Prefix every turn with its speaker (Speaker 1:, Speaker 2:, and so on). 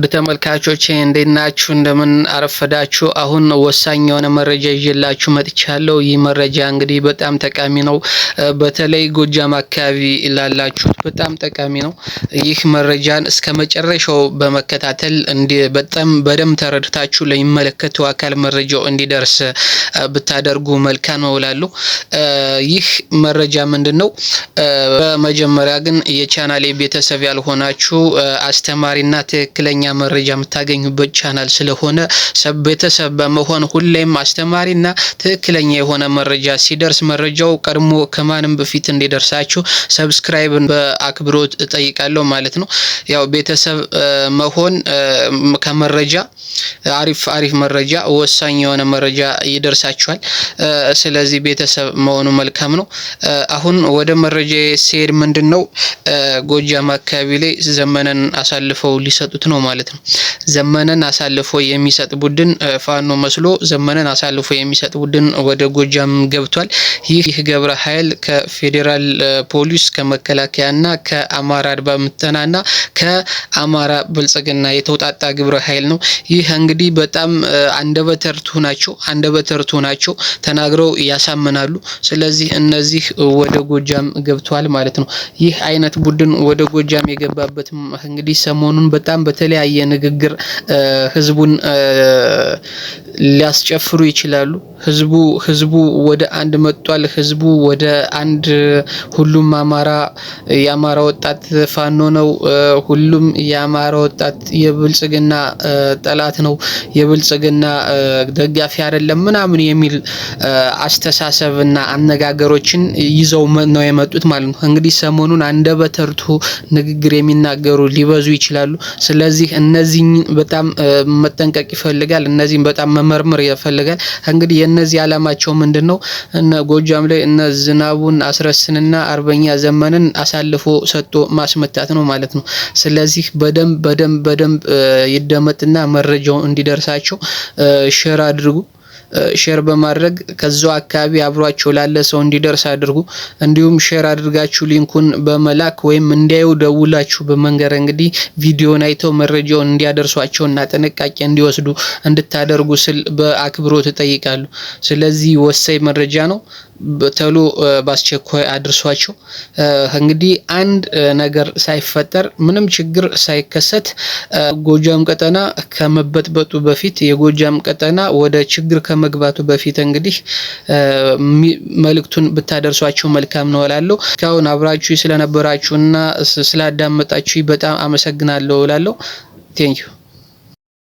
Speaker 1: ውድ ተመልካቾች እንዴት ናችሁ? እንደምን አረፈዳችሁ። አሁን ወሳኝ የሆነ መረጃ ይዤላችሁ መጥቻለሁ። ይህ መረጃ እንግዲህ በጣም ጠቃሚ ነው። በተለይ ጎጃም አካባቢ ላላችሁት በጣም ጠቃሚ ነው። ይህ መረጃን እስከ መጨረሻው በመከታተል በጣም በደም ተረድታችሁ ለሚመለከተው አካል መረጃው እንዲደርስ ብታደርጉ መልካም ነው እላለሁ። ይህ መረጃ ምንድን ነው? በመጀመሪያ ግን የቻናሌ ቤተሰብ ያልሆናችሁ አስተማሪና ትክክለኛ መረጃ የምታገኙበት ቻናል ስለሆነ ቤተሰብ በመሆን ሁሌም አስተማሪና ትክክለኛ የሆነ መረጃ ሲደርስ መረጃው ቀድሞ ከማንም በፊት እንዲደርሳችሁ ሰብስክራይብን በአክብሮት እጠይቃለሁ ማለት ነው። ያው ቤተሰብ መሆን ከመረጃ አሪፍ አሪፍ መረጃ ወሳኝ የሆነ መረጃ ይደርሳችኋል። ስለዚህ ቤተሰብ መሆኑ መልካም ነው። አሁን ወደ መረጃ ሲሄድ ምንድን ነው ጎጃም አካባቢ ላይ ዘመነን አሳልፈው ሊሰጡት ነው ማለት ማለት ነው። ዘመነን አሳልፎ የሚሰጥ ቡድን ፋኖ መስሎ ዘመነን አሳልፎ የሚሰጥ ቡድን ወደ ጎጃም ገብቷል። ይህ ገብረ ኃይል ከፌዴራል ፖሊስ ከመከላከያና ከአማራ አድባ ና ከአማራ ብልጽግና የተውጣጣ ግብረ ኃይል ነው። ይህ እንግዲህ በጣም አንደበተርቱ ናቸው። አንደበተርቱ ናቸው ተናግረው ያሳምናሉ። ስለዚህ እነዚህ ወደ ጎጃም ገብተዋል ማለት ነው። ይህ አይነት ቡድን ወደ ጎጃም የገባበት እንግዲህ ሰሞኑን በጣም በተለያየ የተለያየ ንግግር ህዝቡን ሊያስጨፍሩ ይችላሉ። ህዝቡ ህዝቡ ወደ አንድ መጥቷል። ህዝቡ ወደ አንድ ሁሉም አማራ የአማራ ወጣት ፋኖ ነው። ሁሉም የአማራ ወጣት የብልጽግና ጠላት ነው፣ የብልጽግና ደጋፊ አይደለም ምናምን የሚል አስተሳሰብና አነጋገሮችን ይዘው ነው የመጡት ማለት ነው። እንግዲህ ሰሞኑን አንደበተርቱ ንግግር የሚናገሩ ሊበዙ ይችላሉ። ስለዚህ እነዚህን በጣም መጠንቀቅ ይፈልጋል። እነዚህን በጣም መመርመር ይፈልጋል። እንግዲህ የነዚህ አላማቸው ምንድን ነው? እነ ጎጃም ላይ እነ ዝናቡን አስረስንና አርበኛ ዘመንን አሳልፎ ሰጥቶ ማስመታት ነው ማለት ነው። ስለዚህ በደንብ በደንብ በደንብ ይደመጥና መረጃው እንዲደርሳቸው ሼር አድርጉ። ሼር በማድረግ ከዛው አካባቢ አብሯቸው ላለ ሰው እንዲደርስ አድርጉ። እንዲሁም ሼር አድርጋችሁ ሊንኩን በመላክ ወይም እንዲያዩ ደውላችሁ በመንገር እንግዲህ ቪዲዮን አይተው መረጃውን እንዲያደርሷቸውና ጥንቃቄ እንዲወስዱ እንድታደርጉ ስል በአክብሮት እጠይቃለሁ። ስለዚህ ወሳኝ መረጃ ነው። በተሎ በአስቸኳይ አድርሷቸው። እንግዲህ አንድ ነገር ሳይፈጠር ምንም ችግር ሳይከሰት ጎጃም ቀጠና ከመበጥበጡ በፊት የጎጃም ቀጠና ወደ ችግር ከመግባቱ በፊት እንግዲህ መልእክቱን ብታደርሷቸው መልካም ነው እላለሁ። እስካሁን አብራችሁ ስለነበራችሁና ስላዳመጣችሁ በጣም አመሰግናለሁ እላለሁ። ቴንኪዩ